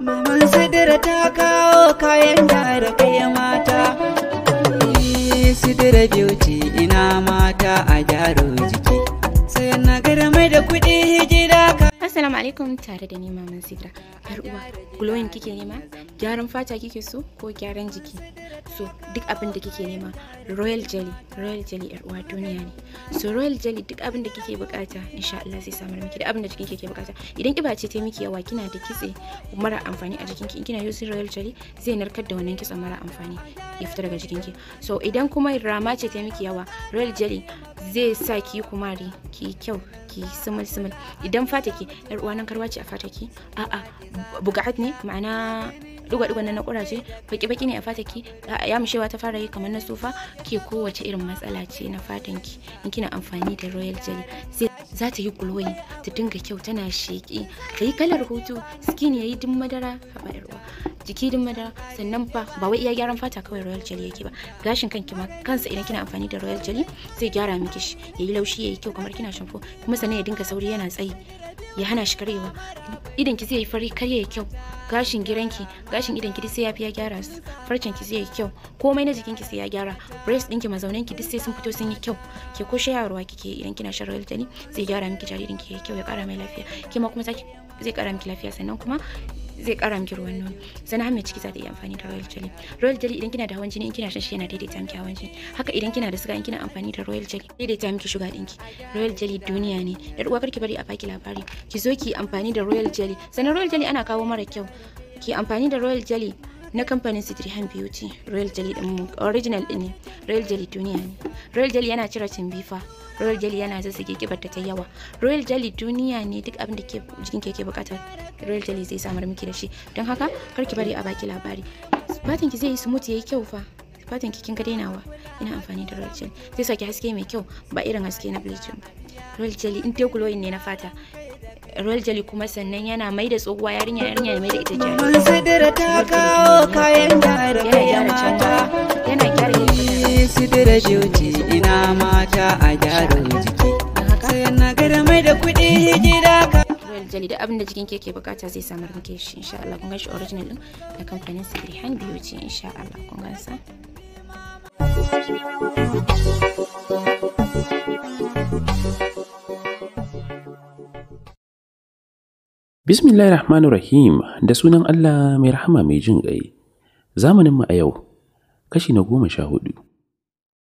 Maman sidira ta kawo kayan da kai mata. Eh, sidira beauty ina mata a gyaro jiki. Sai na gara mai da kuɗi gida ka Assalamu alaikum tare da nema Maman Sidra. Yar uwa, glowing kike nema? Gyaran fata kike so ko gyaran jiki? So, duk abin da kike nema, Royal Jelly, Royal Jelly yar uwa duniya ne. So, Royal Jelly duk abin da kike bukata, insha Allah sai samar miki duk abin da jikin kike bukata. Idan kiba ce ta miki yawa kina da kitse mara amfani a jikinki, in kina using Royal Jelly zai narkar da wannan kitse mara amfani ya fita daga jikinki. So, idan kuma rama ce ta miki yawa, Royal Jelly zai sa ki yi kumari ki kyau ki yi simal idan fata ki yar uwa nan karwaci a fata ki a'a bugat ne ma'ana duga duga na kuraje baki-baki ne a fata ki ya mushewa ta fara yi kamar na sofa ke kowace irin matsala ce na fatan ki in kina amfani da royal jelly sai za ta yi glowing ta dinga kyau tana sheƙi ta yi kalar hutu skin ya yi din madara haɓa yarwa jiki din madara sannan fa ba wai iya gyaran fata kawai royal jelly yake ba gashin kanki ma kansa idan kina amfani da royal jelly zai gyara miki shi yayi laushi yayi kyau kamar kina shampoo kuma sannan ya dinga sauri yana tsayi ya hana shi karyewa idan ki zai fari kar ya kyau gashin giranki gashin idan ki sai ya fi ya gyara su farcen ki zai yi kyau komai na jikin ki sai ya gyara breast ki mazaunin ki duk sai sun fito sun yi kyau ke ko shayarwa kike idan kina shan royal jelly zai gyara miki jaririn ki ya kyau ya kara mai lafiya kima kuma zai kara miki lafiya sannan kuma zai kara miki ruwan nono sannan har mai ciki za ta iya amfani da royal jelly royal jelly idan kina da hawan jini in kina shan shi yana daidaita miki hawan jini haka idan kina da suga in kina amfani da royal jelly daidaita miki shuga dinki royal jelly duniya ne yar uwa karki bari a baki labari ki zo ki amfani da royal jelly sannan royal jelly ana kawo mara kyau ki amfani da royal jelly na kamfanin Citrihan Beauty Royal Jelly din original din ne Royal Jelly duniya ne Royal Jelly yana cire cimbifa Royal Jelly yana zazzage kibar ta yawa Royal Jelly duniya ne duk abin da ke jikin ke bukata real zai samar miki da shi don haka kar ki bari a baki labari fatin ki zai yi smooth yayi kyau fa fatin ki kin ga dainawa ina amfani da royal jelly zai saki haske mai kyau ba irin haske na bleaching ba royal jelly in take ne na fata royal jelly kuma sannan yana mai da tsohuwa yarinya yarinya mai da ita jari mun sidira ta kawo kayan yara yana gyara yin sidira ina mata a gyara jiki sai na gara mai da kuɗi hijira ka aljani da abin da jikin ke ke bukata zai samar muke shi insha Allah kun shi original din da kamfanin Sirihan Beauty insha Allah kun gansa Bismillahir Rahmanir Rahim da sunan Allah mai rahama mai jin ƙai. Zamanin mu a yau kashi na goma sha hudu.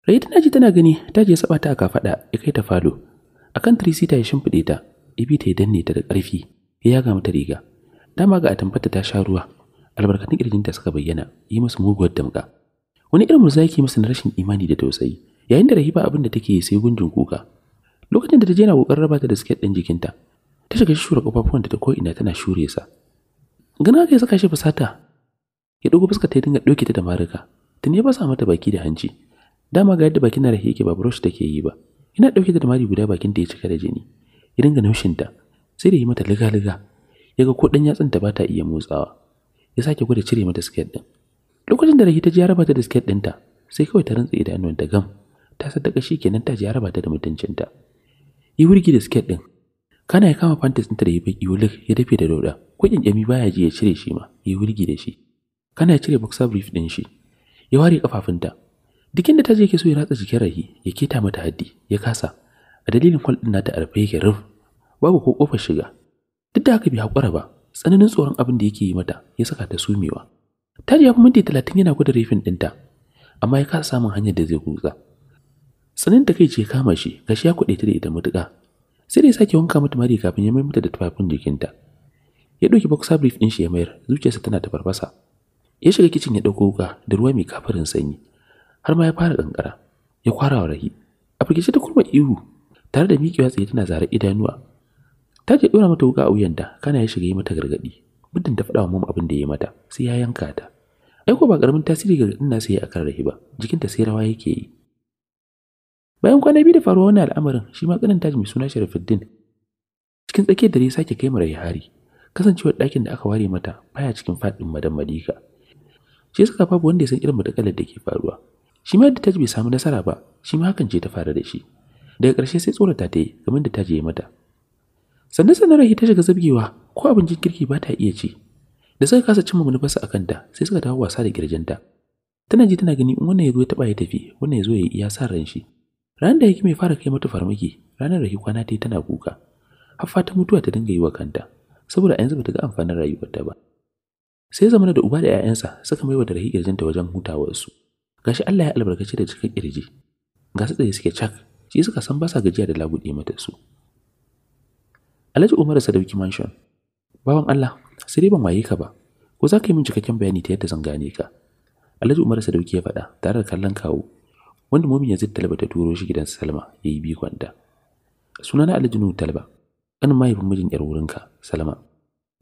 Rai tana ji tana gani ta je saba ta kafaɗa ya kai ta falo akan tirisita ya shimfiɗe ta ta ya danne ta da ƙarfi ya ga mata riga dama ga atamfata ta sha ruwa albarkatun kirjinta suka bayyana yi musu muguwar damga wani irin murzaki masa na rashin imani da tausayi yayin da rahiba abin da take yi sai gunjin kuka lokacin da ta je na kokarin raba ta da siket din jikinta ta shiga shura kafafuwan ta ko'ina tana shure sa gana ka saka shi fusata ya dogo fuska ta dinga doke ta da maruka tuni ya fasa mata baki da hanci dama ga yadda bakin na rahi yake ba brush take yi ba yana dauke da mari guda bakin ta ya cika da jini ya dinga naushinta sai da yi mata liga-liga ya ga ko ɗan yatsunta ba ta iya motsawa ya sake gwada cire mata siket ɗin lokacin da rahita ji ya raba ta da siket ɗinta sai kawai ta rantsa idanuwanta gam ta saddaka shi kenan ta ji ya raba ta da mutuncinta yi wurgi da siket ɗin kana ya kama fantas ɗinta da ya baki wulik ya dafe da dauɗa ko ƙyanƙyami baya ji ya cire shi ma Yi wurgi da shi kana ya cire boxer brief ɗin shi ya ware kafafunta. dikin da ta je ke so ya ratsa jikin rahi ya keta mata haddi ya kasa a dalilin kwal ɗin nata a rufe yake ruf babu ko kofar shiga duk da haka bai haƙura ba tsananin tsoron abin da yake yi mata ya saka ta sumewa taji ya fi minti talatin yana gwada rifin ɗinta amma ya kasa samun hanyar da zai kutsa tsanin da kai ce kama shi gashi ya kuɗe ta da ita matuƙa sai da ya sake wanka mata mari kafin ya mai mata da tufafin jikinta ya ɗauki boxer brief ɗin shi ya mayar zuciyarsa tana ta farfasa ya shiga kicin ya ɗauko wuka da ruwa mai kafarin sanyi har ma ya fara ƙanƙara ya kwara wa rahi a firgice ta kurma ihu tare da miƙewa tsaye tana zare idanuwa ta ce ɗora mata wuka a wuyanta kana ya shiga yi mata gargaɗi muddin ta faɗa wa mom abin da ya mata sai ya yanka ta ai ko ba karamin tasiri ga gargaɗin nasu yayi ba ba, jikinta sai rawa yake yi bayan kwana biyu da faruwa wani al'amarin shi ma ƙanan taji mai suna sharifuddin cikin tsakiyar dare sake kai mara hari kasancewar ɗakin da aka ware mata baya cikin faɗin madan madika shi ya saka babu wanda ya san irin matakalar da ke faruwa shi ma yadda taji bai samu nasara ba shi ma hakan ce ta fara da shi daga ƙarshe sai tsorata ta yi game da ta je mata sannan sannan rahi ta shiga zabgewa ko abincin kirki ba ta iya ci da suka kasa cimma manufarsa a kanta sai suka dawo wasa da girjinta tana ji tana gani in wannan ya zo ya taɓa ya tafi wannan ya zo ya yi iya sa ran shi ranar da hikima mai fara kai mata farmaki ranar rahi kwana ta yi tana kuka har fata mutuwa ta dinga yi wa kanta saboda a yanzu bata ga amfanin rayuwarta ba sai zamana da uba da 'ya'yansa suka wa da rahi girjinta wajen hutawarsu gashi Allah ya albarkace da cikin kirji ga su tsaye suke cak shi suka san ba sa gajiya da labuɗe mata su Alhaji Umar Sadauki Mansion bawan Allah sai dai ban waye ka ba ko za ka yi min cikakken bayani ta yadda zan gane ka Alhaji Umar Sadauki ya faɗa tare da kallon kawo wanda Mumin Yazid Talba ta turo shi gidan Salma yi bikon da sunana Alhaji Nuhu Talba kanin mahaifin mijin yar ka, Salma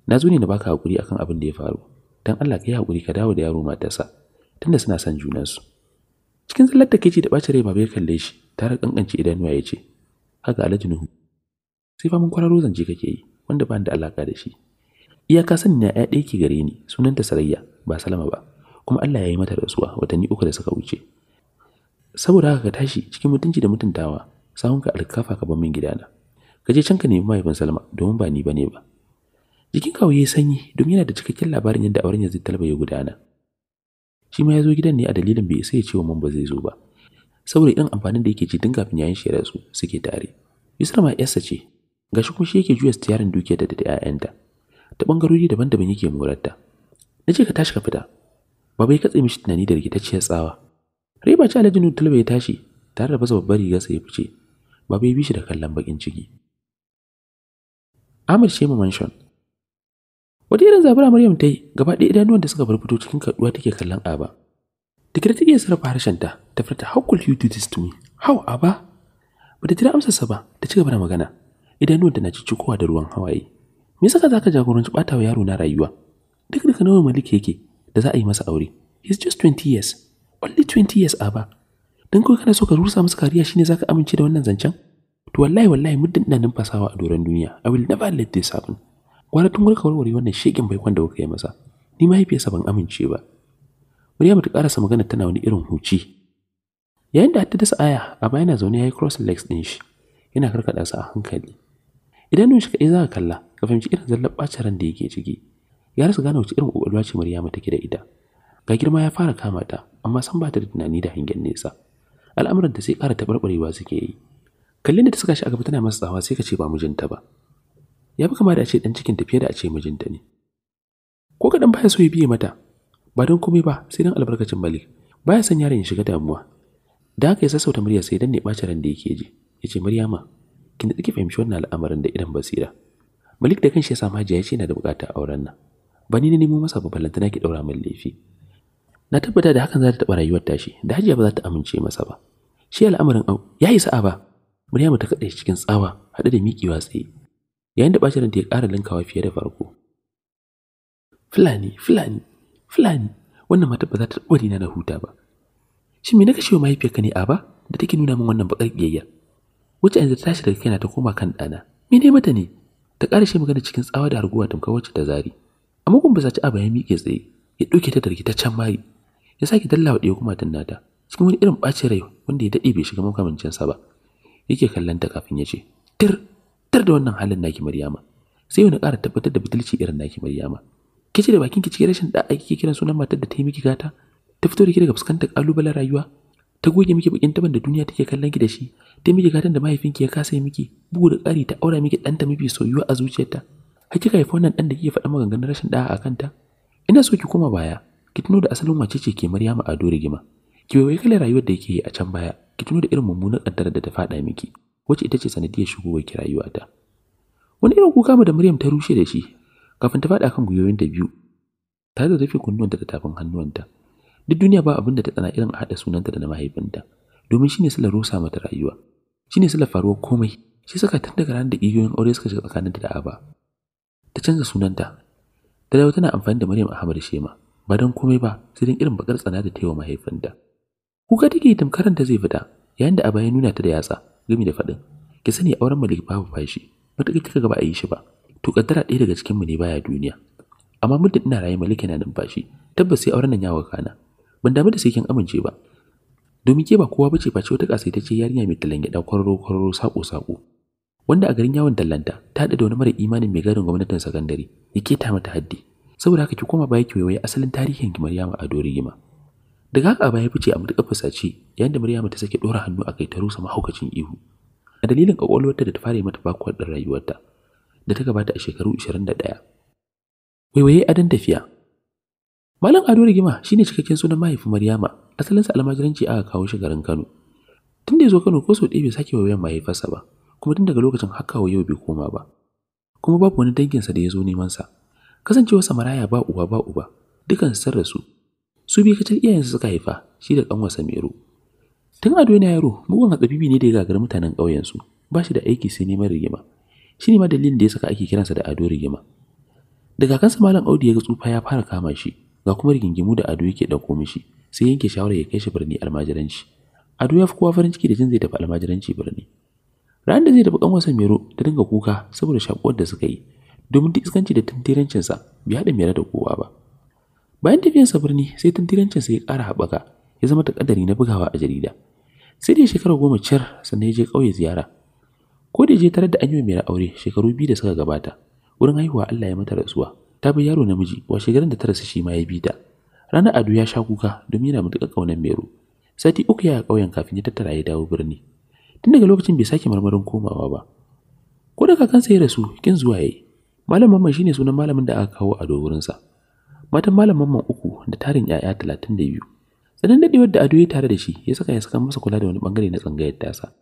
na zo ne na baka hakuri akan abin da ya faru dan Allah ka yi hakuri ka dawo da yaro matarsa tunda suna son junansu cikin zallar da kici da ɓacin rai bai kalle shi tare kankance idanuwa ya ce haka alhaji nuhu sai fa mun kwararo zance kake yi wanda ba da alaka da shi iyaka sani na ya ɗaya ke gare ni sunanta sarayya ba salama ba kuma Allah ya yi mata rasuwa watanni uku da suka wuce saboda haka ka tashi cikin mutunci da mutuntawa sahunka alkafa ka ban min gidana ka je can ka nemi mahaifin salama domin ba ni bane ba jikin kawo yayi sanyi domin yana da cikakken labarin yadda auren yanzu talaba ya gudana shi ma ya zo gidan ne a dalilin bai sai ya ce wa mun ba zai zo ba saboda irin amfanin da yake ji dinga fin yayin shi su suke tare Yusra ma yarsa ce gashi kuma shi yake juya tsiyarin duke da da ƴaƴanta ta bangarori daban-daban yake morarta nace ka tashi ka fita baba ya katse mishi tunani da rigitacciyar tsawa riba ce alhaji nutul bai tashi tare da baza babbar rigarsa ya fice baba ya bi shi da kallon bakin ciki Amir Shema Mansion wata irin zabura Maryam ta yi gaba ɗaya idanuwan da suka farfito cikin kaduwa take kallon Aba Digiri ta iya sarrafa harshen ta furta how could you do this to me? How aba? Ba ta jira amsarsa ba ta ci gaba da magana. Idanuwanta na kowa da ruwan hawaye. Me saka za ka jagoranci ɓata wa yaro na rayuwa? Duk da nawa Malik yake da za a yi masa aure. He's just 20 years. Only 20 years aba. Dan kawai kana so ka rusa masa kariya shine zaka amince da wannan zancen? To wallahi wallahi muddin ina numfasawa a doron duniya. I will never let this happen. Gwara tun gurka warware wannan shekin baikon da kuka yi masa. Ni mahaifiyarsa ban amince ba. Maryam ta karasa magana tana wani irin huci. Yayin da ta dasa aya, Aba yana zaune ya yi cross legs ɗin shi, yana karkaɗa su a hankali. Idan shi kaɗai za ka kalla, ka fahimci irin zallar ɓacin ran da yake ciki. Ya rasa gane wace irin ƙwaƙwalwa ce Maryam take da ita. Ga girma ya fara kama ta, amma san ba ta da tunani da hangen nesa. Al'amuran da sai ƙara taɓarɓarewa suke yi. Kallon da ta saka shi a gaba tana masa tsawa sai ka ce ba mijinta ba. ya fi kama da a ce ɗan cikin tafiye da a ce mijinta ne. Ko kaɗan baya so ya biye mata, ba don komai ba sai don albarkacin malik baya san yaron ya shiga damuwa da aka ya sassauta murya sai dan ne ɓacin ran da yake ji ya ce maryama kin da kike fahimci wannan al'amarin da idan basira malik da kanshi ya samu hajiya ya ce yana da bukatar auren nan ba ni na nemo masa ba ballantana ki ɗaura min laifi na tabbata da hakan za ta taɓa rayuwar tashi da hajiya ba za ta amince masa ba shi al'amarin au ya yi sa'a ba maryama ta kaɗa cikin tsawa haɗe da miƙewa tsaye yayin da ɓacin ta ya ƙara linkawa fiye da farko Fulani, Fulani, fulani wannan matar ba za ta bari na huta ba shin me na kashe mahaifiyarka ne a ba da take nuna min wannan bakar biyayya wacce yanzu ta tashi daga kaina ta koma kan ɗana me ne mata ne ta ƙarashe magana cikin tsawa da harguwa tamkar wacce ta zari amma kun ba za ci a ya miƙe tsaye ya ɗauke ta da rikitaccen mari ya sake dallawa ɗaya kuma nata cikin wani irin ɓacin rai wanda ya daɗe bai shiga makamancinsa ba yake kallon ta kafin ya ce tir tir da wannan halin naki maryama sai wani ƙara tabbatar da butulci irin naki maryama kici da bakin ki cikin rashin ake kike kiran sunan matar da ta yi miki gata ta fito da ki daga fuskantar kalubalen rayuwa ta goge miki bakin taban da duniya take kallon ki da shi ta miki gatan da mahaifinki ya kasa yi miki bugu da ƙari ta aura miki ɗanta mafi soyuwa a zuciyarta hakika haifi wannan ɗan da kike faɗa maganganun rashin da a kanta ina so ki koma baya ki tuno da asalin wace ce ke Maryama Ado gima. ki waiwaye kalar rayuwar da yake yi a can baya ki tuno da irin mummunar ƙaddarar da ta faɗa miki wacce ita ce sanadiyar shigowar ki rayuwata wani irin kuka da Maryam ta rushe da shi kafin ta faɗi kan gwiwoyin da biyu ta da rufe kunnuwanta da tafin hannuwanta duk duniya ba abin da ta tsana irin a haɗa sunanta da na mahaifinta domin shine sula rusa mata rayuwa Shi ne sula faruwar komai shi saka tun daga ranar da igiyoyin aure suka shiga tsakaninta da aba ta canza sunanta ta dawo tana amfani da Maryam Ahmad Shema ba don komai ba sai don irin bakar tsana da ta yi wa mahaifinta kuka take tamkaran ta zai fita yayin da aba ya nuna ta da yatsa gami da faɗin ki sani auren Malik babu fashi matuƙa kika ga a yi shi ba to kaddara ɗaya daga cikin mu ne baya duniya amma muddin ina rayu malika na numfashi tabbas sai auren nan ya wakana ban damu da sai kin amince ba domin ke ba kowa bace face wata kasa ita ce yarinya mai talange da kwararo kwararo sako sako wanda a garin yawon dallanta ta da wani mara imanin mai gadon gwamnatin sakandare yake ta mata haddi saboda haka ki koma baya ki waye asalin tarihin ki Maryama a gima daga haka baya fice a mutuka fasace yayin da Maryama ta sake dora hannu a kai ta rusa mahaukacin ihu a dalilin kwakwalwarta da ta fara mata bakwar ɗan rayuwarta da ta gabata a shekaru 21. Waiwaye adon tafiya. Malam Ado Rigima shine cikakken sunan mahaifin Maryama, asalinsa almajiranci aka kawo shi garin Kano. Tun da ya zo Kano ko sau ɗaya bai sake wayan mahaifarsa ba, kuma tun daga lokacin haka wa yau bai koma ba. Kuma babu wani danginsa da ya zo neman sa. Kasancewarsa maraya ba uba ba uba, dukan sun rasu. Su biyu kacal iyayensa suka haifa, shi da ƙanwarsa Meru. Tun Ado yana yaro, mugun hatsabibi ne da ya gagari mutanen ƙauyensu, ba shi da aiki sai neman rigima. shi ne ma dalilin da ya saka ake kiransa da ado rigima Daga kansa malam audu ya ga tsufa ya fara kama shi ga kuma rigingimu da ado yake dauko mishi sai yanke shawara ya kai shi birni almajiranci ado ya fi kowa farin ciki da jin zai tafi almajiranci birni ran da zai tafi kanwarsa mero ta dinga kuka saboda shakuwar da suka yi domin duk iskanci da tuntirancinsa bai haɗa mero da kowa ba bayan tafiyarsa birni sai tuntirancinsa ya ƙara haɓaka ya zama takadari na bugawa a jarida sai da shekara goma ciyar sannan ya je ƙauye ziyara ko da je tare da anyo mai aure shekaru biyu da suka gabata wurin haihuwa Allah ya mata rasuwa ta bi yaro namiji wa shekarun da ta rasu shi ma ya bi ta rana ado ya sha kuka domin yana matuƙar ƙaunar mero sati uku ya kauyen kafin ya tattara ya dawo birni tun daga lokacin bai sake marmarin komawa ba ko da kakansa ya rasu kin zuwa yayi malam mamman shine sunan malamin da aka kawo ado sa matan malam mamman uku da tarin 'ya'ya talatin da biyu sanan dadewar da ado ya tare da shi ya saka ya saka masa kula da wani bangare na tsangayar tasa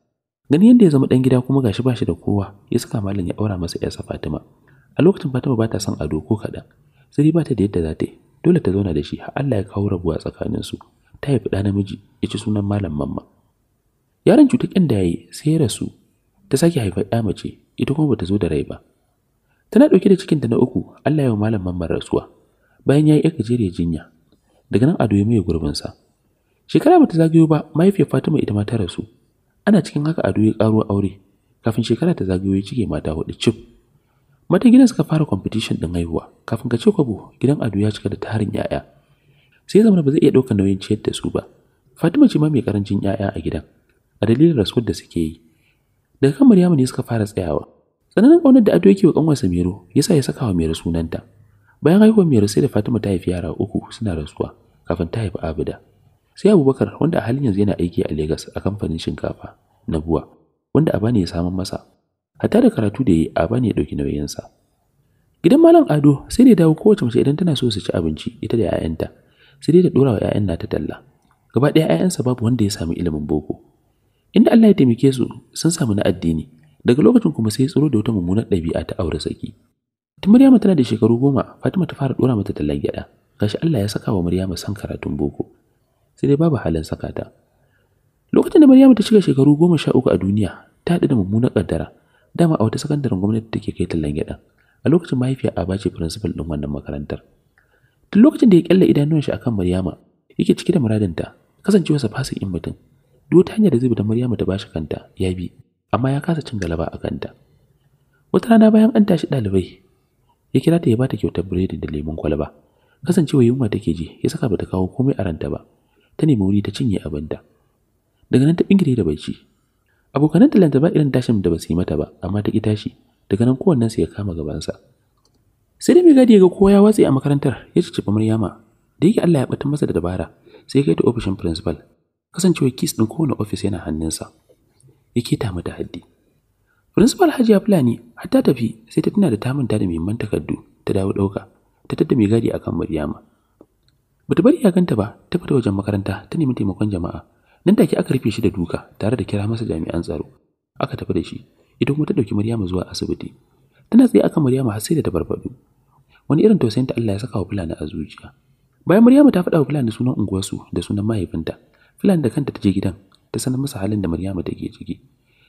Gani yadda ya zama ɗan gida kuma gashi ba da kowa ya saka malam ya aura masa ‘yarsa Fatima. A lokacin Fatima ba ta son ado ko kaɗan, sai ba ta da yadda za ta yi, dole ta zauna da shi har Allah ya kawo rabuwa su Ta haifi ɗa namiji ya ci sunan malam mamma. Yaron cutar da ya sai ya rasu, ta sake haifar ɗa mace ita kuma bata zo da rai ba. Tana ɗauke da cikinta na uku Allah ya wa malam mamman rasuwa, bayan ya yi ‘yar jinya, daga nan ado ya maye sa. Shekara bata zagayo ba mahaifiyar Fatima ita ma ta rasu, ana cikin haka ado ya karo aure kafin shekara ta zagayo ya cike mata hudu cif mata gidan suka fara competition din haihuwa kafin ka ce kwabo gidan ado ya cika da tarin yaya sai zamana ba zai iya ɗaukar nauyin ciyar da su ba fatima ce ma mai karancin yaya a gidan a dalilin rasuwar da suke yi daga kan maryamu ne suka fara tsayawa tsananin ƙaunar da ado yake wa ƙanwarsa mero yasa ya saka wa mero sunanta bayan haihuwar mero sai da fatima ta haifi yara uku suna rasuwa kafin ta haifi abida sai abubakar wanda a halin yanzu yana aiki a Legas a kamfanin shinkafa na buwa wanda abani ya samun masa hatta da karatu da yi abani ya ɗauki nauyinsa gidan malam ado sai da dawo kowace mace idan tana so su ci abinci ita da 'ya'yanta sai dai da ɗora wa 'ya'yan nata talla gaba ɗaya 'ya'yansa babu wanda ya samu ilimin boko inda Allah ya taimake su sun samu na addini daga lokacin kuma sai tsoro da wata mummunar ɗabi'a ta aure saki ta Maryama tana da shekaru goma Fatima ta fara dora mata tallan gyaɗa gashi Allah ya saka wa Maryama san karatun boko sai dai babu halin saka ta lokacin da Maryamu ta shiga shekaru goma sha uku a duniya ta haɗu da mummunar ƙaddara dama a wata sakandaren gwamnati take kai tallan gyaɗa a lokacin mahaifiya a bace principal ɗin wannan makarantar tun lokacin da ya kyalle idanuwan shi akan Maryama yake cike da muradinta kasancewarsa fasin in mutum duk ta hanyar da zai da Maryama ta bashi kanta ya bi amma ya kasa cin galaba a kanta wata rana bayan an tashi ɗalibai ya kira ta ya bata kyautar biredi da lemon kwalaba kasancewa yunwa take ji ya saka bata kawo komai a ranta ba ta nemi wuri ta cinye abin da daga nan ta bingire da bacci abokananta lanta ba irin tashin da ba su yi mata ba amma ta ki tashi daga nan kowannensu ya kama gabansa sai da mai gadi ya ga kowa ya watse a makarantar ya cicciɓa maryama da yake allah ya bata masa da dabara sai ya kai ta ofishin principal kasancewar kis ɗin kowane ofis yana hannunsa ya keta mata haddi principal hajiya fulani har ta tafi sai ta tuna da ta manta da muhimman takardu ta dawo ɗauka ta tadda mai gadi akan maryama bata bari ya ganta ba ta fita wajen makaranta ta nemi taimakon jama'a nan take aka rufe shi da duka tare da kira masa jami'an tsaro aka tafi da shi ita kuma ta dauki Maryama zuwa asibiti tana tsaye akan Maryama har sai da ta wani irin tausayin ta Allah ya saka wa Fulani a zuciya bayan Maryama ta faɗa wa Fulani sunan unguwarsu da sunan mahaifinta Fulani da kanta ta je gidan ta sanar masa halin da Maryama take ciki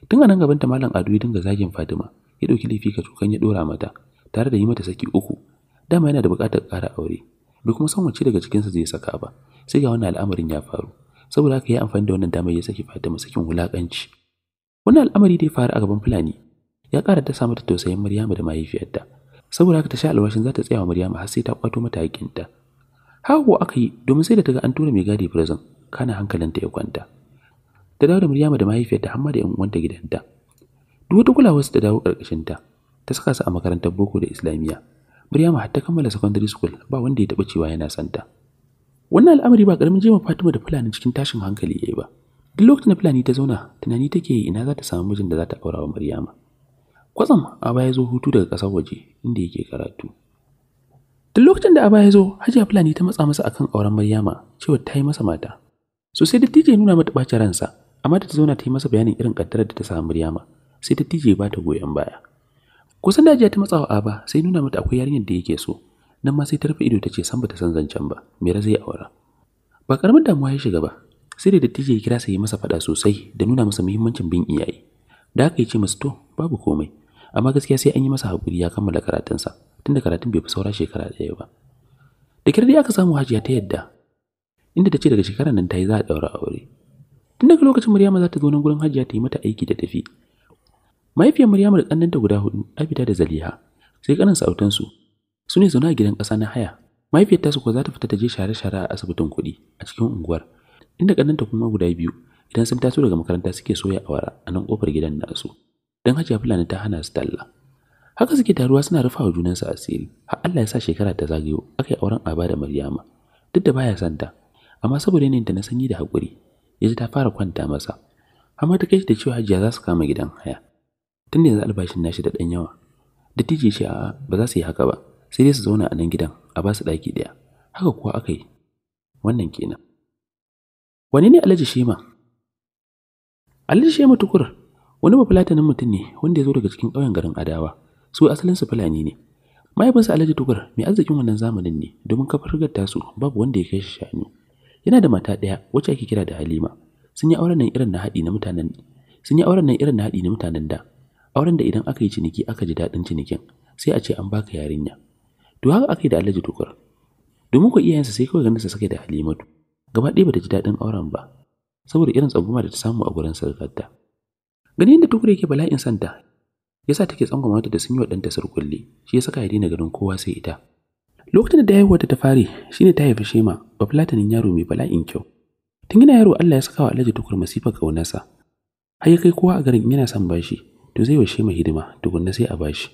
tun a nan gaban ta malam Ado ya dinga zagin Fatima ya dauki laifi ka tukan ya dora mata tare da yi mata saki uku dama yana da bukatar ƙara aure bai kuma san wacce daga cikinsu zai saka ba sai ga wannan al'amarin ya faru saboda haka ya amfani da wannan damar ya saki Fatima sakin wulakanci wannan al'amari da faru a gaban Fulani ya ƙara ta samu tausayin Maryamu da mahaifiyarta saboda haka ta sha alwashin za ta tsaya wa Maryamu har sai ta kwato mata hakinta hawo aka yi domin sai da ta ga an tura mai gadi prison kana hankalinta ya kwanta ta dawo da Maryama da mahaifiyarta har ma da ƴan uwanta gidanta. Duk wata kulawar su ta dawo karkashinta, ta, ta saka su a makarantar boko da Islamiyya. Maryama har ta kammala secondary school ba wanda ya taba cewa yana santa. Wannan al'amari ba ƙaramin jema Fatima da Fulani cikin tashin hankali yayi ba. Duk lokacin da Fulani ta zauna, tunani take yi ina za ta samu mijin da za ta aura wa Maryama. Kwatsam Aba ya zo hutu daga ƙasar waje inda yake karatu. Duk lokacin da Aba ya zo, Hajiya Fulani ta matsa masa akan auren Maryama cewa ta yi masa mata. So sai dattijo ya nuna mata ɓacin ransa, amma da ta zauna ta yi masa bayanin irin ƙaddarar da ta samu Maryama, sai dattijo ya ba ta goyon baya. kusan da ta matsawa aba sai nuna mata akwai yarinyar da yake so nan ma sai ta rufe ido ta ce san bata san zancen ba me zai aura ba karamin damuwa ya shiga ba sai da dattijo ya kira sai masa fada sosai da nuna masa muhimmancin bin iyaye da aka yi ce masa to babu komai amma gaskiya sai an yi masa hakuri ya kammala karatunsa tunda karatun bai fi saura shekara ɗaya ba da kirdi aka samu hajiya ta yadda inda ta ce daga shekarar nan ta yi za a ɗaura aure tun daga lokacin Maryama za ta zo nan gurin Hajiya ta yi mata aiki da tafi mahaifiyar Maryamu da guda hudu Abida da Zaliha sai kanin sautansu, su su ne zaune a gidan ƙasa na haya mahaifiyar tasu kuwa za ta fita ta je share-share a asibitin kuɗi a cikin unguwar inda ƙannenta kuma guda biyu idan sun taso daga makaranta suke soya awara a nan kofar gidan nasu don hajiya fulani ta hana su talla haka suke taruwa suna rufa wa junansu asiri har Allah ya sa shekara ta zagayo aka yi auren aba da Maryama duk da baya santa amma saboda yanayin ta na sanyi da haƙuri ya ta fara kwanta masa amma ta kai da cewa hajiya za su kama gidan haya tun yanzu albashin nashi da ɗan yawa tije shi a'a ba za su yi haka ba sai dai su zauna a nan gidan a ba su ɗaki ɗaya haka kuwa aka yi wannan kenan wani ne alhaji shema alhaji shema tukur wani bafulatanin mutum ne wanda ya zo daga cikin ƙauyen garin adawa su asalinsu fulani ne mahaifinsa alhaji tukur mai arzikin wannan zamanin ne domin kafar rigar tasu babu wanda ya kai shi shanu yana da mata ɗaya wacce ake kira da halima sun yi auren nan irin na haɗi na mutanen sun yi auren nan irin na haɗi na mutanen da auren da idan aka yi ciniki aka ji daɗin cinikin sai a ce an baka yarinya to haka aka yi da alhaji tukur domin ku iyayensa sai kawai ganinsa suka da halimatu gaba ɗaya bata ji daɗin auren ba saboda irin tsangwama da ta samu a gurin sarkarta Gani yadda tukur yake bala'in santa Ya yasa take tsangwama ta da sun yi wa ɗanta sarkulli shi ya saka ya daina ganin kowa sai ita lokacin da haihuwar ta fare shine ta haifi shema filatanin yaro mai bala'in kyau tun yana yaro Allah ya saka wa alhaji tukur masifar ƙaunarsa har ya kai kowa a garin yana son bashi to zai washe mai hidima tukunna sai a bashi.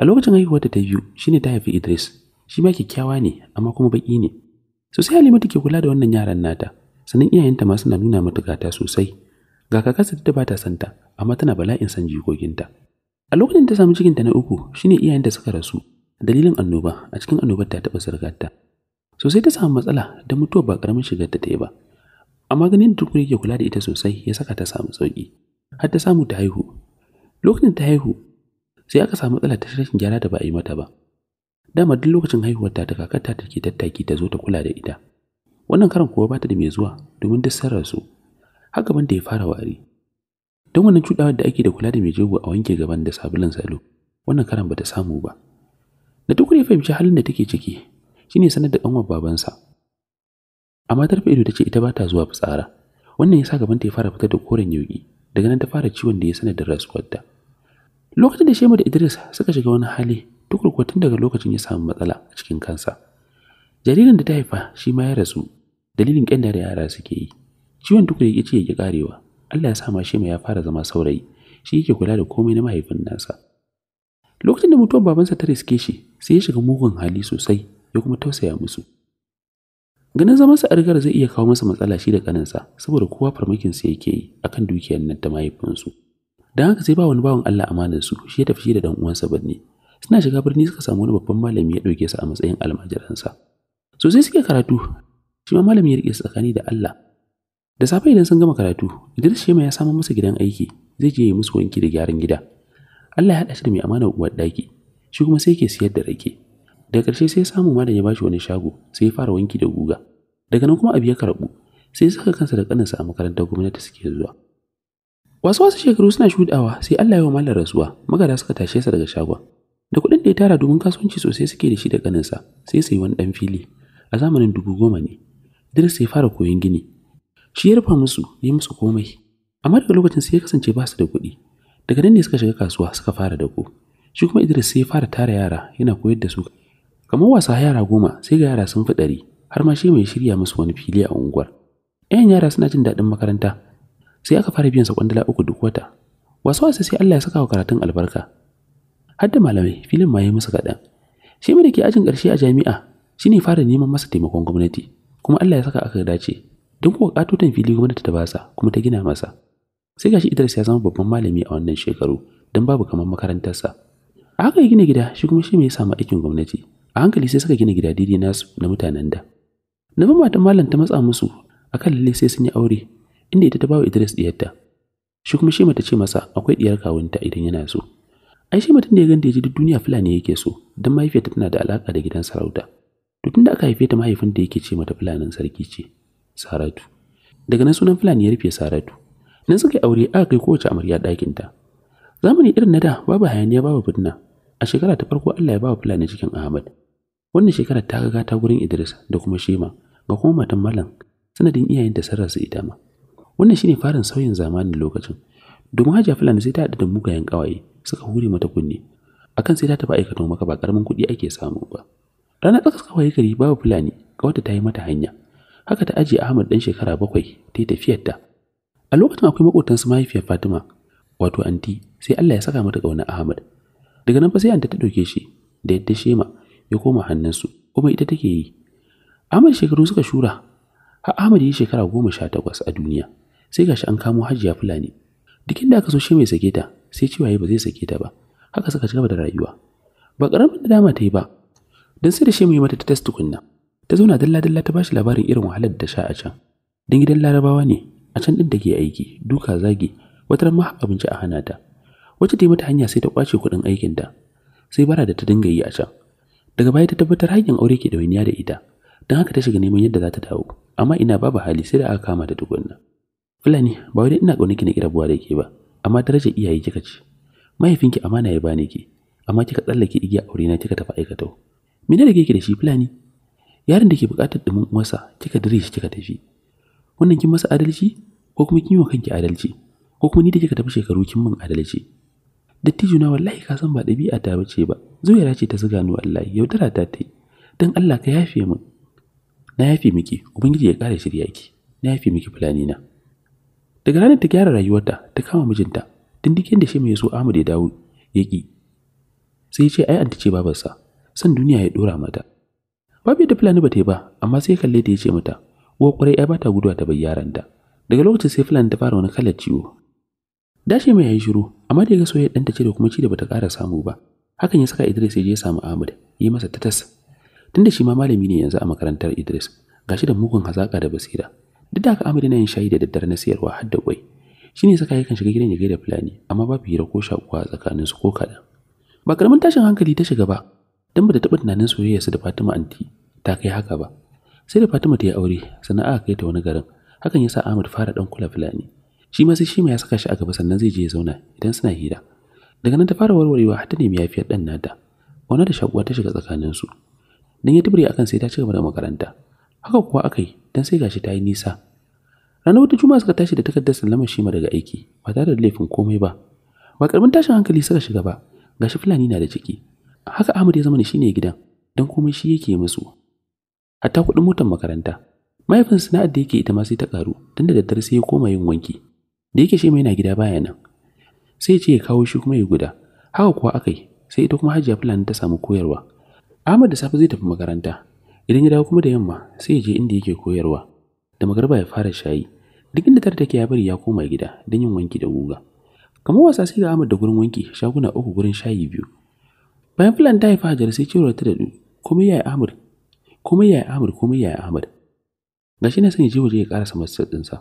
A lokacin da ta biyu shine ta haifi Idris, shi ma kyakkyawa ne amma kuma baki ne. So sai Halima take kula da wannan yaran nata, sannan iyayenta ma suna nuna mata gata sosai. Ga kakarsa ta bata ta santa, amma tana bala'in san jikokinta. A lokacin ta samu cikinta na uku shine iyayenta suka rasu, dalilin annoba a cikin annobar ta taɓa sargata. So ta samu matsala da mutuwa ba ƙaramin shigarta ta yi ba. Amma ganin da yake kula da ita sosai ya saka ta samu sauƙi. Har ta samu ta haihu lokacin ta haihu sai aka samu matsala ta rashin gyara da ba a yi mata ba dama duk lokacin haihuwar ta kakar ta take tattaki ta zo ta kula da ita wannan karan kuwa ba ta da mai zuwa domin duk sarar su haka ban ya fara wari don wannan cudawar da ake da kula da mai jego a wanke gaban da sabulun salo wannan karan ba ta samu ba da duk ya fahimci halin da take ciki shine sanar da kanwar babansa amma tarfa ido ta ce ita ba ta zuwa fitsara wannan ya sa gaban ta ya fara fitar da koren yauki daga nan ta fara ciwon da ya sanar da rasuwarta lokacin da shema da idris suka shiga wani hali tukurkuwa tun daga lokacin ya samu matsala a cikin kansa jaririn da ta haifa shi ma ya rasu dalilin ƙyan da yara suke yi ciwon tukur ya ce ya karewa allah ya sa ma shema ya fara zama saurayi shi yake kula da komai na mahaifin nasa lokacin da mutuwar babansa ta riske shi sai ya shiga mugun hali sosai ya kuma tausaya musu ganin zaman a rigar zai iya kawo masa matsala shi da kaninsa saboda kowa farmakinsa yake yi akan dukiyar nan ta mahaifinsu Dan haka sai ba wani bawan Allah amanar su shi ya tafi shi da dan uwansa birni suna shiga birni suka samu wani babban malami ya dauke su a matsayin almajiransa so sai suke karatu shi ma malami ya rike su tsakani da Allah da safe idan sun gama karatu Idris Shema ya samu masa gidan aiki zai je ya musu wanki da gyaran gida Allah ya haɗa shi da mai amanar uwar daki shi kuma sai yake siyar da rake da ƙarshe sai samu malam ya bashi wani shago sai ya fara wanki da guga daga nan kuma abu ya karɓu sai suka kansa da ƙaninsa a makarantar gwamnati suke zuwa wasu wasu shekaru suna shudawa sai Allah ya wa mallar rasuwa magada suka tashe sa daga shagon da kuɗin da ya tara domin kasuwanci sosai suke da shi da ƙaninsa, sai sai wani ɗan fili a zamanin dubu goma ne Idris sai fara koyon gini shi ya rufa musu ya musu komai amma daga lokacin sai ya kasance ba su da kuɗi daga nan ne suka shiga kasuwa suka fara dako shi kuma Idris sai ya fara tara yara yana koyar da su kamar wasa yara goma sai ga yara sun fi ɗari har ma shi mai shirya musu wani fili a unguwar 'yan yara suna jin daɗin makaranta sai aka fara biyan sa kwandala uku duk wata wasu wasu sai Allah ya saka wa karatun albarka har da malamai filin ma ya musu kaɗan shi da ke ajin ƙarshe a jami'a shi shine fara neman masa taimakon gwamnati kuma Allah ya saka aka dace don kuwa katotan fili gwamnati ta basa kuma ta gina masa sai gashi Idris ya zama babban malami a wannan shekaru don babu kamar makarantarsa a haka ya gina gida shi kuma shi mai ya samu aikin gwamnati a hankali sai suka gina gida didi nasu na mutanen da nufin matan malam ta matsa musu akan lalle sai sun yi aure inda ita ta bawa Idris diyarta shi kuma shi mata ce masa akwai diyar kawunta idan yana so ai shi mutum da ya ganta ya ji duk duniya fulani yake so don mahaifiyarta tana da alaka da gidan sarauta to tunda aka haife ta mahaifin da yake ce mata fulanin sarki ce saratu daga nan sunan fulani ya rufe saratu nan suka yi aure aka kai kowace amarya ta zamani irin na da babu hayaniya babu fitna a shekara ta farko Allah ya ba fulani cikin Ahmad wannan shekarar ta gaga ta gurin Idris da kuma Shema ga kuma matan Malam sanadin iyayenta su ita ma wannan shine farin sauyin zamanin lokacin domin hajiya fulani sai ta haɗu da mugayen ƙawaye suka hure mata kunne akan sai ta tafi aikatan maka ba ƙaramin kuɗi ake samu ba ranar tsakas waye gari babu fulani ƙawarta ta yi mata hanya haka ta ajiye ahmad ɗan shekara bakwai ta yi tafiyarta a lokacin akwai maƙotan su mahaifiyar fatima wato anti sai allah ya saka mata ƙaunar ahmad daga nan fa sai anta ta ɗauke shi da yadda shema ya koma hannunsu kuma ita take yi ahmad shekaru suka shura har ahmad yi shekara goma sha takwas a duniya sai gashi an kamo hajiya fulani duk inda aka so shi mai sake ta sai ciwaye ba zai sake ta ba haka suka ci gaba da rayuwa ba karamin dama ta yi ba don sai da shi mai mata ta test tukunna ta zauna dalla dalla ta bashi labarin irin wahalar da sha a can don gidan larabawa ne a can din da ke aiki duka zagi wata ma abinci a hana ta wacce ta yi mata hanya sai ta kwace kuɗin ta sai bara da ta dinga yi a can daga baya ta tabbatar hakin aure ke ya da ita dan haka ta shiga neman yadda za ta dawo amma ina babu hali sai da aka kama ta tukunna Fulani ba wai ina ƙaunar na kira da ke ba amma darajar iyaye kika ce mahaifinki amana ya bani ki amma kika tsallake igiya aure na kika tafi aikata. mene da kike da shi Fulani yaron da ke buƙatar dumin uwarsa kika dire shi kika tafi wannan kin masa adalci ko kuma kin yi wa kanki adalci ko kuma ni da kika tafi shekaru kin min adalci dattijo na wallahi ka san ba ɗabi'a ta bace ba zuwa ce ta zuga ni wallahi yaudara ta ta yi dan Allah ka yafe min na yafe miki ubangiji ya kare shirya ki na yafe miki fulani na daga ranar ta gyara rayuwarta ta kama mijinta dindikin da shi mai so Ahmad ya dawo ya ki sai ya ce ai anti ce babarsa san duniya ya dora mata babu da fulani bata yi ba amma sai kalle ta ya ce mata wa ƙwarai ai bata guduwa ta bai yaranta, daga lokacin sai fulani ta fara wani kalar ciwo dashi mai yayi shiru amma da ya ga soyayyar ce da kuma ci da bata ƙara samu ba hakan ya saka Idris ya je ya samu Ahmad yi masa tatas tunda shi ma malami ne yanzu a makarantar Idris gashi da mugun hazaka da basira duk da aka amir na yin shayi da daddare na sayarwa har da kwai shi ne saka yakan shiga gidan ya gaida fulani amma babu hira ko shakuwa a tsakaninsu ko kaɗan ba karamin tashin hankali ta shiga ba don ba ta taɓa tunanin soyayya su da fatima anti ta kai haka ba sai da fatima ta yi aure sannan aka kai ta wani garin hakan ya sa ahmad fara ɗan kula fulani shi ma sai shi ya saka shi a gaba sannan zai je ya zauna idan suna hira daga nan ta fara warwarewa har ta nemi yafiyar ɗan nata wani da shakuwa ta shiga tsakaninsu don ya tubure akan sai ta ci gaba da makaranta haka kuwa aka yi don sai gashi ta yi nisa ranar wata juma'a suka tashi da takardar sallamar shima daga aiki ba tare da laifin komai ba ba karbin tashin hankali suka shiga ba gashi fulani na da ciki haka ahmad ya zama ne shine gidan don komai shi yake musu hatta kuɗin motar makaranta mahaifin sana'ar da yake ita ma sai ta karu don da daddare sai ya koma yin wanki da yake shi mai yana gida baya nan sai ce ya kawo shi kuma ya guda haka kuwa aka yi sai ita kuma hajiya fulani ta samu koyarwa ahmad da safe zai tafi makaranta idan ya dawo kuma da yamma sai ya je inda yake koyarwa da magarba ya fara shayi duk inda tare take ya bari ya koma gida don yin wanki da guga kamar wasa sai ga Ahmad da gurin wanki shaguna uku gurin shayi biyu bayan filan ta haifa Hajar sai ciro ta dadu komai yayi Ahmad komai yayi Ahmad komai yayi Ahmad gashi na sani je waje ya karasa masa dinsa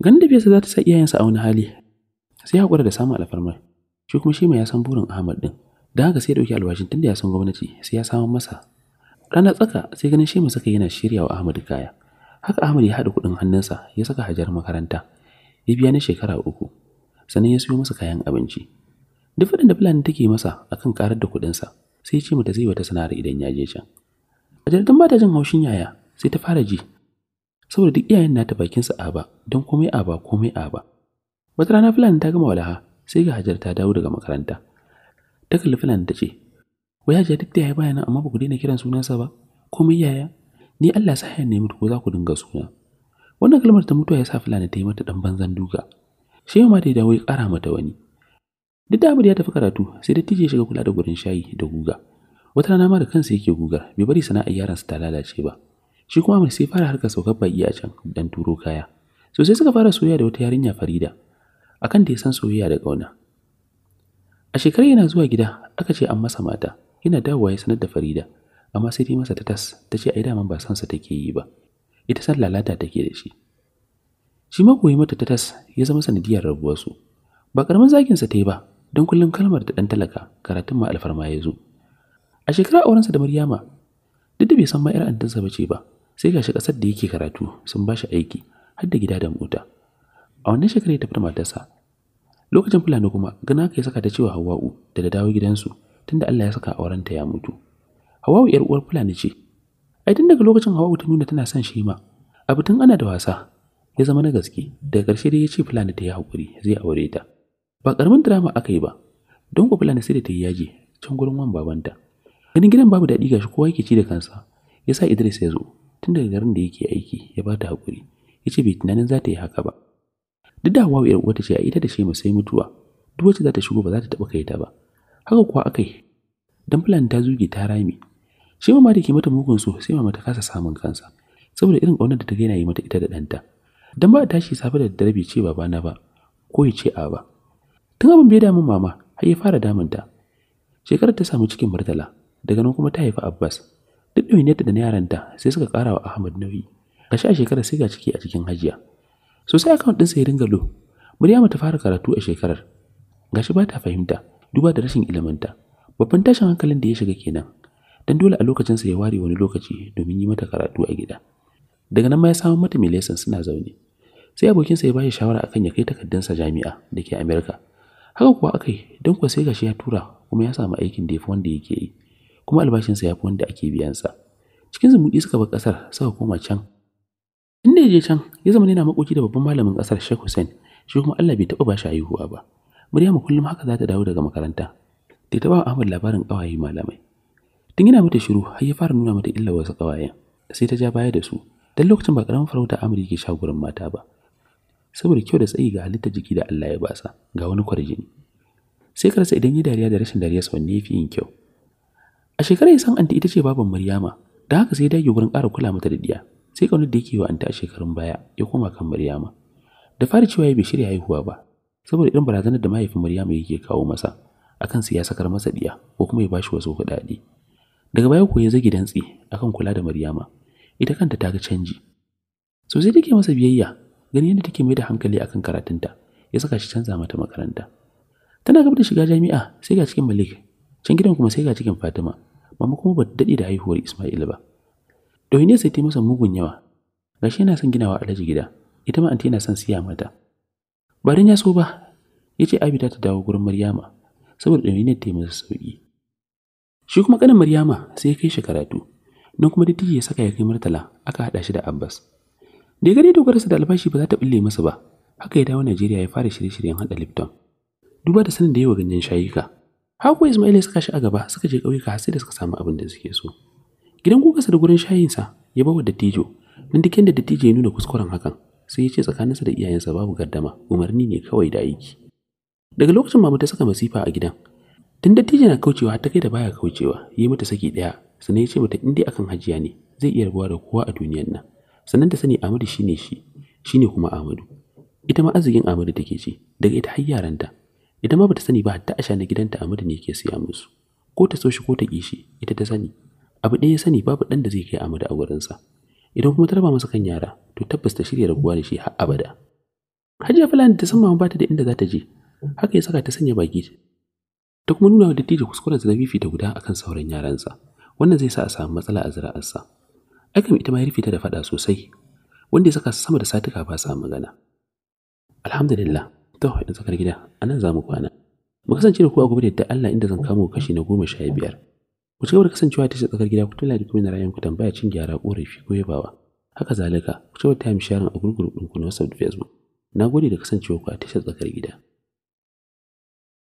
ganin da biyarsa za ta sa iyayensa a wani hali sai hakura da samun alfarmar shi kuma shi mai ya san burin Ahmad din da haka sai ya dauki alwashin tunda ya san gwamnati sai ya samu masa Rana tsaka sai ganin Shema saka yana shirya wa Ahmadu kaya. Haka Ahmad ya haɗa kuɗin hannunsa ya saka Hajar makaranta. Ya biya na shekara uku. Sannan ya siyo masa kayan abinci. Duk faɗin da Fulani take masa akan karar da kuɗinsa sai ce mata zai wata sana'ar idan ya je can. Hajar tun ba jin haushin yaya sai ta fara ji. Saboda duk iyayen nata bakin sa aba don komai aba komai aba. Wata rana Fulani ta gama walaha sai ga Hajar ta dawo daga makaranta. Ta kalli Fulani ta ce, Wai ya duk da ya baya nan amma ba ku daina kiran sunansa ba? Komai yaya? Ni Allah sa hayan ne mutu ko za ku dinga suna. Wannan kalmar ta mutuwa ya sa Fulani ta yi mata ɗan banzan duka. Shi ma ya dawo ya kara mata wani. Duk da Amadu ya tafi karatu sai da tije shiga kula da gurin shayi da guga. Wata rana ma da kansa yake gugar bai bari sana'ar yaran su ta lalace ba. Shi kuma mai sai fara harkar saukar baki a can dan turo kaya. So sai suka fara soyayya da wata yarinya Farida akan da ya san soyayya da ƙauna. A shekarar yana zuwa gida aka ce an masa mata. yana dawowa ya sanar da Farida amma sai dai masa ta tas ta ce ai man ba san sa take yi ba ita san lalata take da shi shi ma koyi mata ta tas ya zama sanadiyar rabuwar su ba karamin zakin sa ta yi ba don kullum kalmar da dan talaka karatun ma alfarma ya zo a shekara auren sa da Maryama duk da bai san ma yar sa bace ba sai gashi kasar da yake karatu sun ba shi aiki har da gida da mota a wannan shekara ya tafi matarsa lokacin fulani kuma gana ka ya saka ta cewa hawa'u da da dawo gidansu tunda Allah ya saka auren ta ya mutu. Hawawu ‘yar uwar Fulani ce, ai tun daga lokacin Hawawu ta nuna tana son shi ma, abu tun ana da wasa ya zama na gaske daga ƙarshe dai ya ce Fulani ta yi haƙuri zai aure ta. Ba ƙaramin drama aka yi ba, don ku Fulani sai da ta yi yaji can gurin wan babanta. Ganin gidan babu daɗi gashi kowa yake ci da kansa, ya sa Idris ya zo tun daga garin da yake aiki ya ba ta haƙuri, ya ce bai tunanin za ta yi haka ba. Duk da Hawawu ‘yar uwar ta ce a ita da mu sai mutuwa, duk wacce za ta shigo ba za ta taɓa kai ta ba. haka kuwa aka yi dan fulani ta zuge ta rami shi mama da ke mata mugun so sai mama ta kasa samun kansa saboda irin ƙaunar da ta gaina yi mata ita da ɗanta don ba tashi safe da dare bai ce bana ba ko ya ce a ba tun abin bai damun mama har ya fara ta. shekarar ta samu cikin murtala daga nan kuma ta haifi abbas duk yadda da na yaranta sai suka ƙara wa ahmad nauyi kashi a shekarar sai ga ciki a cikin hajiya sosai akawun ɗinsa ya dinga lo muryama ta fara karatu a shekarar gashi ba ta fahimta duba da rashin ilmanta, babban tashin hankalin da ya shiga kenan dan dole a lokacin sa ya ware wani lokaci domin yi mata karatu a gida daga nan ma ya samu mata mai lesson suna zaune sai abokin sa ya bashi shawara akan ya kai sa jami'a da ke Amerika haka kuwa akai, yi don kuwa sai gashi ya tura kuma ya samu aikin da ya fi wanda yake yi kuma albashin ya fi wanda ake biyansa cikin zumuɗi suka bar ƙasar suka koma can inda ya je can ya zama yana makoki da babban malamin ƙasar Sheikh Hussein shi kuma Allah bai taba bashi ayyuka haihuwa ba Maryama kullum haka za ta dawo daga makaranta. da ta ba Ahmad labarin ƙawaye malamai. Tun yana mata shiru har ya fara nuna mata illar wasu ƙawayen. Sai ta ja baya da su. Dan lokacin ba ƙaramin farauta Ahmad yake sha gurin mata ba. Saboda kyau da tsayi ga halittar jiki da Allah ya basa ga wani ne. Sai karsa idan yi dariya da rashin dariya wanne ya fi yin kyau. A shekarar ya san anti ita ce baban Maryama, da haka sai ya dage gurin ƙara kula mata da diya. Sai ƙaunar da yake wa anta a shekarun baya ya koma kan Maryama. Da fari cewa ya bai shirya haihuwa ba, saboda irin barazanar da mahaifin Maryamu yake kawo masa akan su ya sakar masa diya ko kuma ya bashi wasu daɗi. Daga baya ko ya zagi tsi akan kula da Maryama. Ita kanta ta ga canji. Sosai take masa biyayya, gani yadda take mai da hankali akan karatunta, ya saka shi canza mata makaranta. Tana gaba da shiga jami'a sai ga cikin Malik, can gidan kuma sai ga cikin Fatima, mama kuma ba ta daɗe da haihuwar Ismail ba. ne sai ta masa mugun yawa, gashi yana son ginawa Alhaji gida, ita ma anti yana son siya mata. ba dan ya so ba ya ce abida ta dawo gurin maryama saboda ɗawainiyar ta yi masa sauƙi shi kuma kanin maryama sai ya kai shi karatu nan kuma dattijo ya saka ya kai murtala aka haɗa shi da abbas da ya gani sa da albashi ba za ta ɓille masa ba haka ya dawo najeriya ya fara shirye-shiryen haɗa lipton duba da sanin da yawa ganyen shayika Haku Ismail suka shi a gaba suka je ƙauyuka har sai da suka samu abin da suke so. Gidan kukansa da gurin shayinsa ya bawa dattijo, don duk yadda dattijo ya nuna kuskuren hakan, sai ya ce tsakaninsa da iyayensa babu gardama umarni ne kawai da aiki daga lokacin mamu ta saka masifa a gidan tun dattijo na kaucewa ta kai da baya kaucewa yi mata saki daya sannan ya ce mata in dai akan hajiya ne zai iya rabuwa da kowa a duniyar nan sannan ta sani Amadu shine shi shine kuma Amadu ita ma arzikin Amadu take ci daga ita har yaranta ita ma bata sani ba hatta asha na gidanta Amadu ne ke siya musu ko ta so shi ko ta kishi ita ta sani abu ɗaya ya sani babu ɗan da zai kai Amadu a wurinsa idan kuma ta raba masa kan yara to tabbas ta shirya rabuwa da shi har abada hajiya fulani ta san mama ta da inda za ta je haka ya saka ta sanya baki ta kuma nuna wa dattijo kuskuren sa na ta guda akan sauran yaransa wannan zai sa a samu matsala a zira'arsa aikam ita ma ya rufe ta da faɗa sosai wanda ya saka sama da satuka ba sa magana alhamdulillah to in saka gida anan za mu kwana mu kasance da ku a gobe da Allah inda zan kamo kashi na goma sha biyar Ku ci gaba da kasancewa ta tsakar gida ku tuna mina kuma ku tambaya cin gyara ƙorafi ko yabawa. Haka zalika, ku ci gaba da time sharing a gurgurun ɗinku na WhatsApp da Facebook. Na gode da kasancewa ku a tashar tsakar gida.